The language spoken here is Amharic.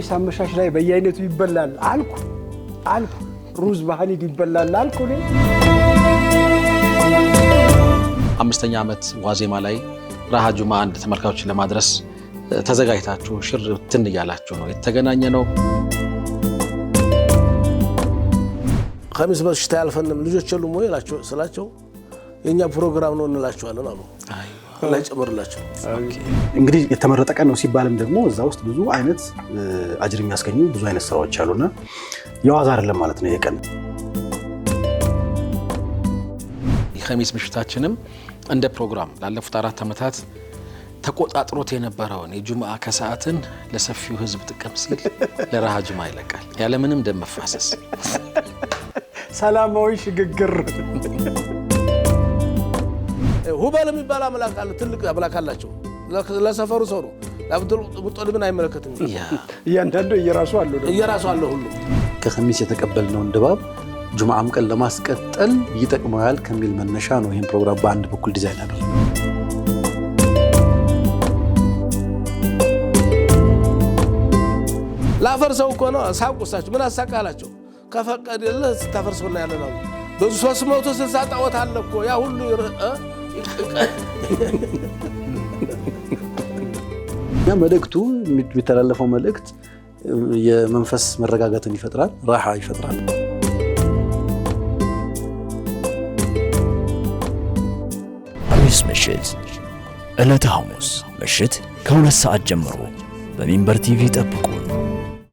ወይስ አመሻሽ ላይ በየአይነቱ ይበላል አልኩ አልኩ ሩዝ በሀሊብ ይበላል አልኩ። አምስተኛ ዓመት ዋዜማ ላይ ረሃ ጁማ አንድ ተመልካቾችን ለማድረስ ተዘጋጅታችሁ ሽር ትን እያላችሁ ነው የተገናኘ ነው። ከሚስ በሽታ ያልፈንም ልጆች የሉም ወይ ስላቸው የእኛ ፕሮግራም ነው እንላቸዋለን አሉ። ላይ ይጨምርላቸው። እንግዲህ የተመረጠ ቀን ነው ሲባልም ደግሞ እዛ ውስጥ ብዙ አይነት አጅር የሚያስገኙ ብዙ አይነት ስራዎች አሉና የዋዛ አይደለም ማለት ነው። የቀን የኸሚስ ምሽታችንም እንደ ፕሮግራም ላለፉት አራት ዓመታት ተቆጣጥሮት የነበረውን የጁምአ ከሰዓትን ለሰፊው ህዝብ ጥቅም ሲል ለረሃ ጁምአ ይለቃል ያለምንም ደም መፋሰስ ሰላማዊ ሽግግር ሁበል የሚባል አምላክ አለ። ትልቅ አምላክ አላቸው። ለሰፈሩ ሰው ነው። ለአብዱል ሙጠሊብን አይመለከትም። እያንዳንዱ እየራሱ አለ እየራሱ አለ ሁሉ ከኸሚስ የተቀበልነውን ድባብ ጁምዓም ቀን ለማስቀጠል ይጠቅመዋል ከሚል መነሻ ነው። ይህን ፕሮግራም በአንድ በኩል ዲዛይን አደረግ ላፈርሰው እኮ ነው። ሳቁ እሳቸው ምን አሳቃላቸው? ከፈቀደልህ ስታፈርሰውና ያለናሉ በዙ 360 ጣዖት አለ እኮ ያ ሁሉ እኛ መልእክቱ የሚተላለፈው መልእክት የመንፈስ መረጋጋትን ይፈጥራል፣ ራሓ ይፈጥራል። ሐሙስ ምሽት ዕለተ ሐሙስ ምሽት ከሁለት ሰዓት ጀምሮ በሚንበር ቲቪ ጠብቁ።